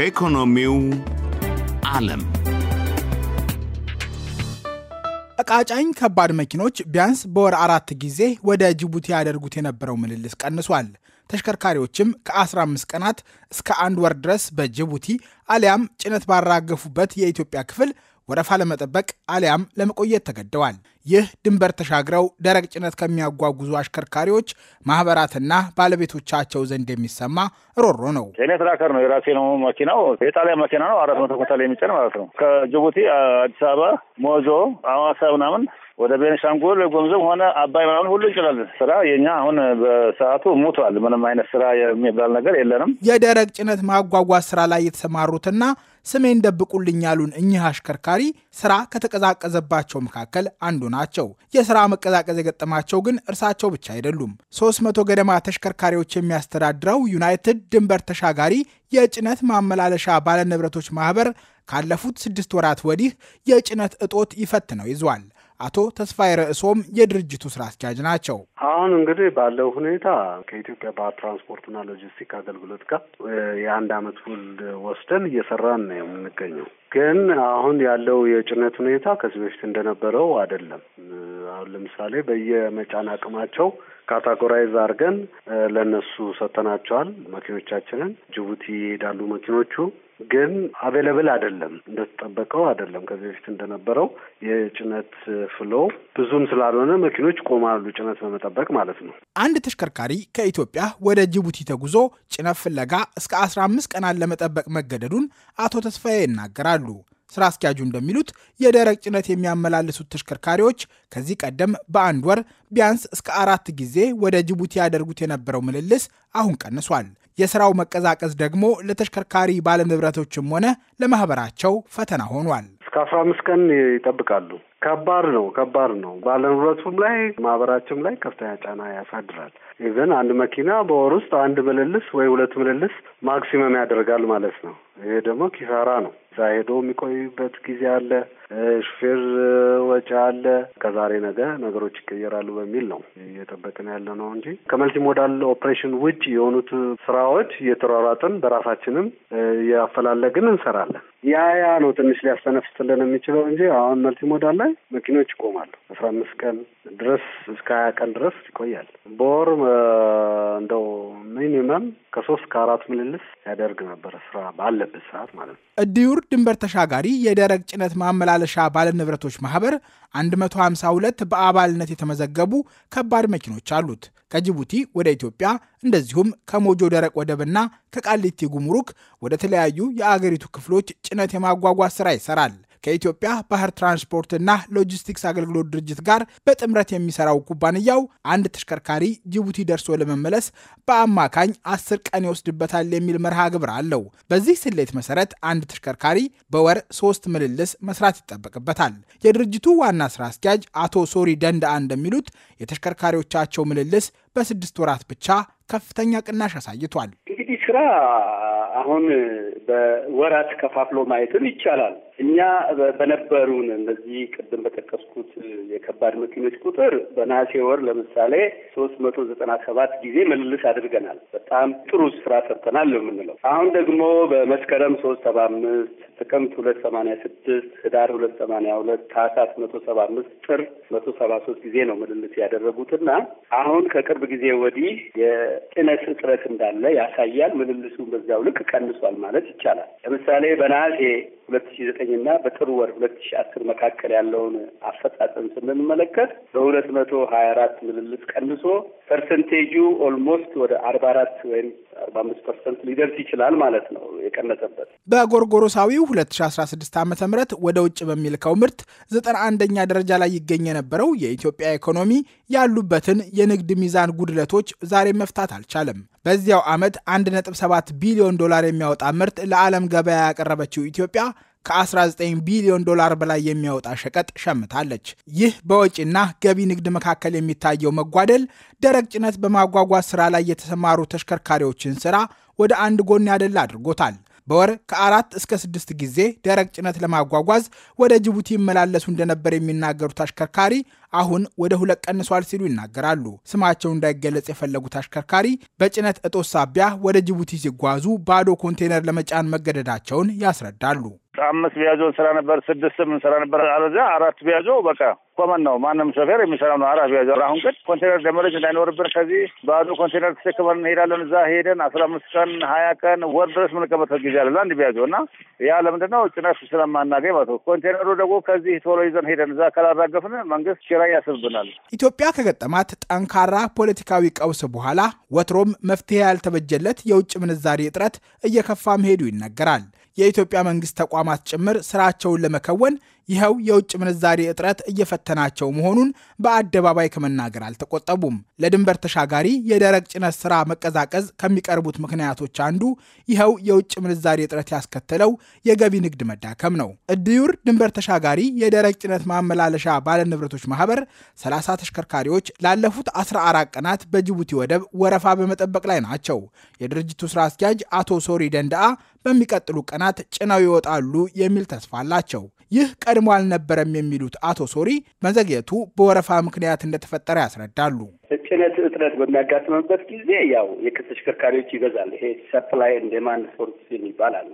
ከኢኮኖሚው ዓለም እቃጫኝ ከባድ መኪኖች ቢያንስ በወር አራት ጊዜ ወደ ጅቡቲ ያደርጉት የነበረው ምልልስ ቀንሷል። ተሽከርካሪዎችም ከ15 ቀናት እስከ አንድ ወር ድረስ በጅቡቲ አሊያም ጭነት ባራገፉበት የኢትዮጵያ ክፍል ወረፋ ለመጠበቅ አሊያም ለመቆየት ተገደዋል። ይህ ድንበር ተሻግረው ደረቅ ጭነት ከሚያጓጉዙ አሽከርካሪዎች ማህበራትና ባለቤቶቻቸው ዘንድ የሚሰማ ሮሮ ነው። እኔ ትራከር ነው፣ የራሴ ነው መኪናው። የጣሊያን መኪና ነው። አራት መቶ ኩንታል የሚጭን ማለት ነው። ከጅቡቲ አዲስ አበባ፣ ሞጆ፣ አዋሳ ምናምን ወደ ቤንሻንጉል ጉሙዝም ሆነ አባይ ምናምን ሁሉ እንችላለን። ስራ የኛ አሁን በሰዓቱ ሙቷል። ምንም አይነት ስራ የሚባል ነገር የለንም። የደረቅ ጭነት ማጓጓዝ ስራ ላይ የተሰማሩትና ስሜን ደብቁልኝ ያሉን እኚህ አሽከርካሪ ስራ ከተቀዛቀዘባቸው መካከል አንዱ ናቸው። የስራ መቀዛቀዝ የገጠማቸው ግን እርሳቸው ብቻ አይደሉም። 300 ገደማ ተሽከርካሪዎች የሚያስተዳድረው ዩናይትድ ድንበር ተሻጋሪ የጭነት ማመላለሻ ባለንብረቶች ማህበር ካለፉት ስድስት ወራት ወዲህ የጭነት እጦት ይፈትነው ይዟል። አቶ ተስፋዬ ረእሶም የድርጅቱ ስራ አስኪያጅ ናቸው። አሁን እንግዲህ ባለው ሁኔታ ከኢትዮጵያ ባህር ትራንስፖርትና ሎጂስቲክ አገልግሎት ጋር የአንድ አመት ውል ወስደን እየሰራን ነው የምንገኘው። ግን አሁን ያለው የጭነት ሁኔታ ከዚህ በፊት እንደነበረው አይደለም። አሁን ለምሳሌ በየመጫን አቅማቸው ካታጎራይዝ አድርገን ለእነሱ ሰጥተናቸዋል መኪኖቻችንን። ጅቡቲ ይሄዳሉ መኪኖቹ ግን አቬለብል አይደለም፣ እንደተጠበቀው አይደለም። ከዚህ በፊት እንደነበረው የጭነት ፍሎ ብዙም ስላልሆነ መኪኖች ቆማሉ፣ ጭነት በመጠበቅ ማለት ነው። አንድ ተሽከርካሪ ከኢትዮጵያ ወደ ጅቡቲ ተጉዞ ጭነት ፍለጋ እስከ አስራ አምስት ቀናት ለመጠበቅ መገደዱን አቶ ተስፋዬ ይናገራሉ። ስራ አስኪያጁ እንደሚሉት የደረቅ ጭነት የሚያመላልሱት ተሽከርካሪዎች ከዚህ ቀደም በአንድ ወር ቢያንስ እስከ አራት ጊዜ ወደ ጅቡቲ ያደርጉት የነበረው ምልልስ አሁን ቀንሷል። የስራው መቀዛቀዝ ደግሞ ለተሽከርካሪ ባለንብረቶችም ሆነ ለማህበራቸው ፈተና ሆኗል። እስከ አስራ አምስት ቀን ይጠብቃሉ። ከባድ ነው፣ ከባድ ነው። ባለንብረቱም ላይ ማህበራቸውም ላይ ከፍተኛ ጫና ያሳድራል። ይዘን አንድ መኪና በወር ውስጥ አንድ ምልልስ ወይ ሁለት ምልልስ ማክሲመም ያደርጋል ማለት ነው። ይሄ ደግሞ ኪሳራ ነው። እዛ ሄዶ የሚቆይበት ጊዜ አለ፣ ሹፌር ወጪ አለ። ከዛሬ ነገ ነገሮች ይቀየራሉ በሚል ነው እየጠበቅን ያለ ነው እንጂ ከመልቲ ሞዳል ኦፕሬሽን ውጭ የሆኑት ስራዎች እየተሯሯጥን በራሳችንም እያፈላለግን እንሰራለን። ያ ያ ነው ትንሽ ሊያስተነፍስልን የሚችለው እንጂ አሁን መልቲ ሞዳል ላይ መኪኖች ይቆማሉ። አስራ አምስት ቀን ድረስ እስከ ሀያ ቀን ድረስ ይቆያል በወር እንደው ሚኒመም ከሶስት ከአራት ምልልስ ያደርግ ነበረ ስራ ባለበት ሰዓት ማለት ነው። እድዩር ድንበር ተሻጋሪ የደረቅ ጭነት ማመላለሻ ባለንብረቶች ማህበር 152 በአባልነት የተመዘገቡ ከባድ መኪኖች አሉት። ከጅቡቲ ወደ ኢትዮጵያ እንደዚሁም ከሞጆ ደረቅ ወደብና ከቃሊቲ ጉምሩክ ወደ ተለያዩ የአገሪቱ ክፍሎች ጭነት የማጓጓዝ ስራ ይሰራል። ከኢትዮጵያ ባህር ትራንስፖርትና ሎጂስቲክስ አገልግሎት ድርጅት ጋር በጥምረት የሚሰራው ኩባንያው አንድ ተሽከርካሪ ጅቡቲ ደርሶ ለመመለስ በአማካኝ አስር ቀን ይወስድበታል የሚል መርሃ ግብር አለው። በዚህ ስሌት መሰረት አንድ ተሽከርካሪ በወር ሶስት ምልልስ መስራት ይጠበቅበታል። የድርጅቱ ዋና ስራ አስኪያጅ አቶ ሶሪ ደንዳ እንደሚሉት የተሽከርካሪዎቻቸው ምልልስ በስድስት ወራት ብቻ ከፍተኛ ቅናሽ አሳይቷል። እንግዲህ ስራ አሁን በወራት ከፋፍሎ ማየትም ይቻላል። እኛ በነበሩን እነዚህ ቅድም በጠቀስኩት የከባድ መኪኖች ቁጥር በነሐሴ ወር ለምሳሌ ሶስት መቶ ዘጠና ሰባት ጊዜ ምልልስ አድርገናል። በጣም ጥሩ ስራ ሰርተናል ነው የምንለው። አሁን ደግሞ በመስከረም ሶስት ሰባ አምስት ጥቅምት ሁለት ሰማንያ ስድስት ህዳር ሁለት ሰማንያ ሁለት ታህሳስ መቶ ሰባ አምስት ጥር መቶ ሰባ ሶስት ጊዜ ነው ምልልስ ያደረጉትና አሁን ከቅርብ ጊዜ ወዲህ የጭነት እጥረት እንዳለ ያሳያል። ምልልሱን በዚያው ልክ ቀንሷል ማለት ይቻላል። ለምሳሌ በነሐሴ ሁለት ሺ ዘጠኝ ዘጠኝና በጥር ወር ሁለት ሺ አስር መካከል ያለውን አፈጻጸም ስንመለከት በሁለት መቶ ሀያ አራት ምልልስ ቀንሶ ፐርሰንቴጁ ኦልሞስት ወደ አርባ አራት ወይም አርባ አምስት ፐርሰንት ሊደርስ ይችላል ማለት ነው የቀነሰበት በጎርጎሮሳዊው 2016 ዓ ም ወደ ውጭ በሚልከው ምርት 91ኛ ደረጃ ላይ ይገኝ የነበረው የኢትዮጵያ ኢኮኖሚ ያሉበትን የንግድ ሚዛን ጉድለቶች ዛሬ መፍታት አልቻለም። በዚያው ዓመት 1.7 ቢሊዮን ዶላር የሚያወጣ ምርት ለዓለም ገበያ ያቀረበችው ኢትዮጵያ ከ19 ቢሊዮን ዶላር በላይ የሚያወጣ ሸቀጥ ሸምታለች። ይህ በወጪና ገቢ ንግድ መካከል የሚታየው መጓደል ደረቅ ጭነት በማጓጓዝ ስራ ላይ የተሰማሩ ተሽከርካሪዎችን ስራ ወደ አንድ ጎን ያደላ አድርጎታል። በወር ከአራት እስከ ስድስት ጊዜ ደረቅ ጭነት ለማጓጓዝ ወደ ጅቡቲ ይመላለሱ እንደነበር የሚናገሩት አሽከርካሪ አሁን ወደ ሁለት ቀንሷል ሲሉ ይናገራሉ። ስማቸው እንዳይገለጽ የፈለጉት አሽከርካሪ በጭነት እጦት ሳቢያ ወደ ጅቡቲ ሲጓዙ ባዶ ኮንቴነር ለመጫን መገደዳቸውን ያስረዳሉ። አምስት ቢያዞ ስራ ነበር፣ ስድስትም እንሰራ ነበር። አለዚያ አራት ቢያዞ በቃ ኮመን ነው። ማንም ሾፌር የሚሰራ ነው። አራት ቢያዞ አሁን ግን ኮንቴነር ደመሬጅ እንዳይኖርብን ከዚህ ባዶ ኮንቴነር ተሸክመን እንሄዳለን። እዛ ሄደን አስራ አምስት ቀን ሀያ ቀን ወር ድረስ የምንቀመጥበት ጊዜ አለ አንድ ቢያዞ እና ያ ለምንድን ነው ጭነት ስለማናገኝ ማለት ነው። ኮንቴነሩ ደግሞ ከዚህ ቶሎ ይዘን ሄደን እዛ ካላራገፍን መንግስት ኪራይ ያስብብናል። ኢትዮጵያ ከገጠማት ጠንካራ ፖለቲካዊ ቀውስ በኋላ ወትሮም መፍትሄ ያልተበጀለት የውጭ ምንዛሪ እጥረት እየከፋ መሄዱ ይነገራል። የኢትዮጵያ መንግስት ተቋማት ጭምር ስራቸውን ለመከወን ይኸው የውጭ ምንዛሬ እጥረት እየፈተናቸው መሆኑን በአደባባይ ከመናገር አልተቆጠቡም። ለድንበር ተሻጋሪ የደረቅ ጭነት ስራ መቀዛቀዝ ከሚቀርቡት ምክንያቶች አንዱ ይኸው የውጭ ምንዛሬ እጥረት ያስከተለው የገቢ ንግድ መዳከም ነው። እድዩር ድንበር ተሻጋሪ የደረቅ ጭነት ማመላለሻ ባለንብረቶች ማህበር 30 ተሽከርካሪዎች ላለፉት 14 ቀናት በጅቡቲ ወደብ ወረፋ በመጠበቅ ላይ ናቸው። የድርጅቱ ስራ አስኪያጅ አቶ ሶሪ ደንዳአ በሚቀጥሉ ቀናት ጭነው ይወጣሉ የሚል ተስፋ አላቸው። ይህ ቀድሞ አልነበረም የሚሉት አቶ ሶሪ መዘግየቱ በወረፋ ምክንያት እንደተፈጠረ ያስረዳሉ። ጭነት እጥረት በሚያጋጥምበት ጊዜ ያው የክፍት ተሽከርካሪዎች ይበዛል። ይሄ ሰፕላይ ኤንድ ዲማንድ ፎርስ የሚባል አለ።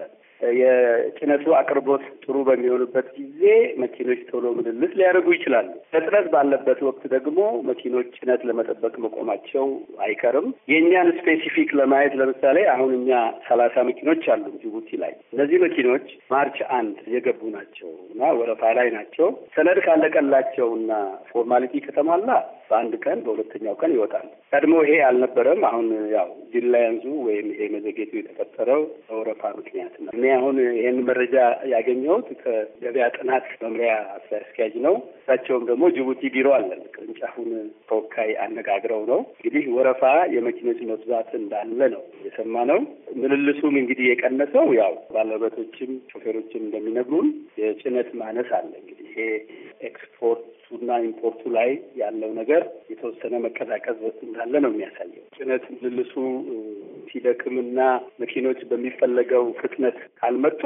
የጭነቱ አቅርቦት ጥሩ በሚሆንበት ጊዜ መኪኖች ቶሎ ምልልስ ሊያደርጉ ይችላሉ። እጥረት ባለበት ወቅት ደግሞ መኪኖች ጭነት ለመጠበቅ መቆማቸው አይቀርም። የእኛን ስፔሲፊክ ለማየት ለምሳሌ አሁን እኛ ሰላሳ መኪኖች አሉ ጅቡቲ ላይ። እነዚህ መኪኖች ማርች አንድ የገቡ ናቸው እና ወረፋ ላይ ናቸው። ሰነድ ካለቀላቸው እና ፎርማሊቲ ከተሟላ በአንድ ቀን በሁለተኛው ቀን ይወጣል። ቀድሞ ይሄ አልነበረም። አሁን ያው ዲላያንዙ ወይም ይሄ መዘጌቱ የተፈጠረው በወረፋ ምክንያት ነው። አሁን ይህን መረጃ ያገኘሁት ከገበያ ጥናት መምሪያ ስራ አስኪያጅ ነው። እሳቸውም ደግሞ ጅቡቲ ቢሮ አለን ቅርንጫፉን ተወካይ አነጋግረው ነው እንግዲህ ወረፋ የመኪኖች መብዛት እንዳለ ነው የሰማ ነው። ምልልሱም እንግዲህ የቀነሰው ያው ባለቤቶችም ሾፌሮችም እንደሚነግሩን የጭነት ማነስ አለ እንግዲህ ይሄ ኤክስፖርቱና ኢምፖርቱ ላይ ያለው ነገር የተወሰነ መቀዛቀዝ እንዳለ ነው የሚያሳየው። ጭነት ምልልሱ ሲደክምና መኪኖች በሚፈለገው ፍጥነት ካልመጡ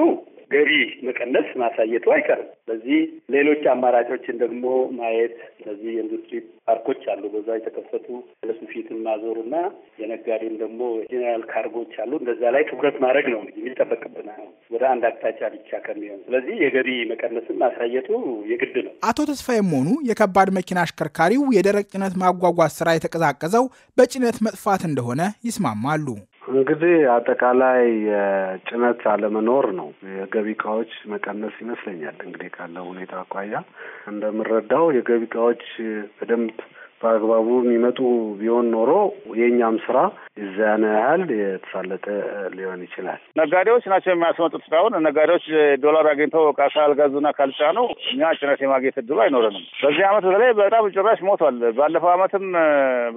ገቢ መቀነስ ማሳየቱ አይቀርም። በዚህ ሌሎች አማራጮችን ደግሞ ማየት ስለዚህ የኢንዱስትሪ ፓርኮች አሉ። በዛ የተከፈቱ ለሱ ፊትን ማዞር እና የነጋዴም ደግሞ ጄኔራል ካርጎች አሉ። እንደዛ ላይ ትኩረት ማድረግ ነው የሚጠበቅብና ወደ አንድ አቅጣጫ ብቻ ከሚሆን ስለዚህ የገቢ መቀነስን ማሳየቱ የግድ ነው። አቶ ተስፋዬም ሆኑ የከባድ መኪና አሽከርካሪው የደረቅ ጭነት ማጓጓዝ ስራ የተቀዛቀዘው በጭነት መጥፋት እንደሆነ ይስማማሉ። እንግዲህ አጠቃላይ የጭነት አለመኖር ነው። የገቢ እቃዎች መቀነስ ይመስለኛል። እንግዲህ ካለው ሁኔታ አኳያ እንደምረዳው የገቢ እቃዎች በደንብ በአግባቡ የሚመጡ ቢሆን ኖሮ የእኛም ስራ እዚያን ያህል የተሳለጠ ሊሆን ይችላል። ነጋዴዎች ናቸው የሚያስመጡት እስካሁን ነጋዴዎች ዶላር አግኝተው እቃ ካልገዙና ካልጫኑ እኛ ጭነት የማግኘት እድሉ አይኖረንም። በዚህ አመት በተለይ በጣም ጭራሽ ሞቷል። ባለፈው አመትም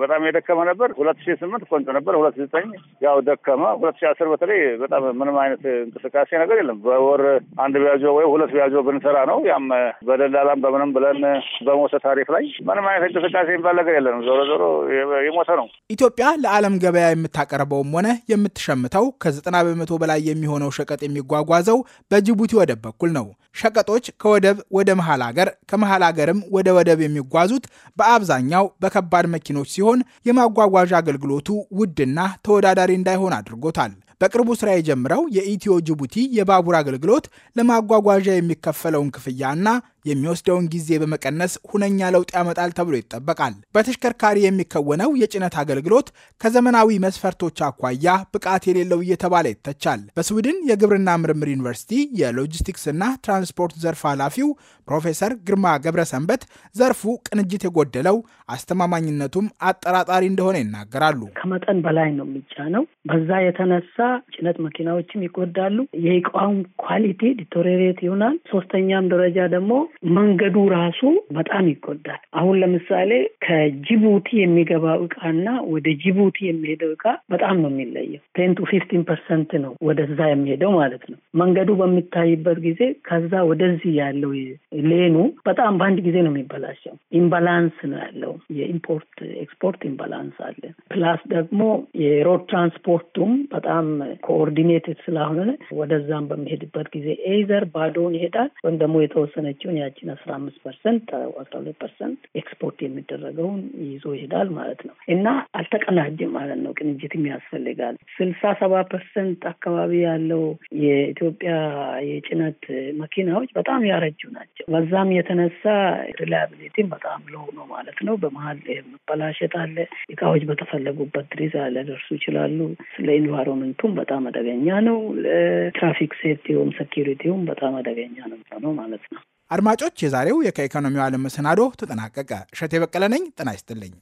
በጣም የደከመ ነበር። ሁለት ሺ ስምንት ቆንጆ ነበር። ሁለት ሺ ዘጠኝ ያው ደከመ። ሁለት ሺ አስር በተለይ በጣም ምንም አይነት እንቅስቃሴ ነገር የለም። በወር አንድ ቢያጆ ወይ ሁለት ቢያጆ ብንሰራ ነው። ያም በደላላም በምንም ብለን በሞተ ታሪክ ላይ ምንም አይነት እንቅስቃሴ የሚባል ነገር የለንም። ዞሮ ዞሮ የሞተ ነው። ኢትዮጵያ ለዓለም ገበያ የምታቀርበውም ሆነ የምትሸምተው ከዘጠና በመቶ በላይ የሚሆነው ሸቀጥ የሚጓጓዘው በጅቡቲ ወደብ በኩል ነው። ሸቀጦች ከወደብ ወደ መሀል ሀገር ከመሀል ሀገርም ወደ ወደብ የሚጓዙት በአብዛኛው በከባድ መኪኖች ሲሆን የማጓጓዣ አገልግሎቱ ውድና ተወዳዳሪ እንዳይሆን አድርጎታል። በቅርቡ ስራ የጀምረው የኢትዮ ጅቡቲ የባቡር አገልግሎት ለማጓጓዣ የሚከፈለውን ክፍያ ና የሚወስደውን ጊዜ በመቀነስ ሁነኛ ለውጥ ያመጣል ተብሎ ይጠበቃል። በተሽከርካሪ የሚከወነው የጭነት አገልግሎት ከዘመናዊ መስፈርቶች አኳያ ብቃት የሌለው እየተባለ ይተቻል። በስዊድን የግብርና ምርምር ዩኒቨርሲቲ የሎጂስቲክስና ትራንስፖርት ዘርፍ ኃላፊው ፕሮፌሰር ግርማ ገብረሰንበት ዘርፉ ቅንጅት የጎደለው አስተማማኝነቱም አጠራጣሪ እንደሆነ ይናገራሉ። ከመጠን በላይ ነው የሚጫነው። በዛ የተነሳ ጭነት መኪናዎችም ይጎዳሉ። የእቃውን ኳሊቲ ዲቶሬሬት ይሆናል። ሶስተኛም ደረጃ ደግሞ መንገዱ ራሱ በጣም ይጎዳል። አሁን ለምሳሌ ከጅቡቲ የሚገባው እቃና ወደ ጅቡቲ የሚሄደው እቃ በጣም ነው የሚለየው። ቴን ቱ ፊፍቲን ፐርሰንት ነው ወደዛ የሚሄደው ማለት ነው። መንገዱ በሚታይበት ጊዜ ከዛ ወደዚህ ያለው ሌኑ በጣም በአንድ ጊዜ ነው የሚበላሸው። ኢምባላንስ ነው ያለው። የኢምፖርት ኤክስፖርት ኢምባላንስ አለ። ፕላስ ደግሞ የሮድ ትራንስፖርቱም በጣም ኮኦርዲኔትድ ስለሆነ ወደዛም በሚሄድበት ጊዜ ኤይዘር ባዶውን ይሄዳል ወይም ደግሞ የተወሰነችውን ያችን አስራ አምስት ፐርሰንት አስራ ሁለት ፐርሰንት ኤክስፖርት የሚደረገውን ይዞ ይሄዳል ማለት ነው እና አልተቀናጀም ማለት ነው። ቅንጅትም ያስፈልጋል። ስልሳ ሰባ ፐርሰንት አካባቢ ያለው የኢትዮጵያ የጭነት መኪናዎች በጣም ያረጁ ናቸው። በዛም የተነሳ ሪላያብሊቲም በጣም ሎው ነው ማለት ነው። በመሀል መበላሸት አለ። እቃዎች በተፈለጉበት ድሪዛ ሊደርሱ ይችላሉ። ለኢንቫይሮንመንቱም በጣም አደገኛ ነው። ለትራፊክ ሴፍቲውም ሴኪሪቲውም በጣም አደገኛ ነው ነው ማለት ነው። አድማጮች፣ የዛሬው የከኢኮኖሚው ዓለም መሰናዶ ተጠናቀቀ። እሸቴ በቀለ ነኝ። ጤና ይስጥልኝ።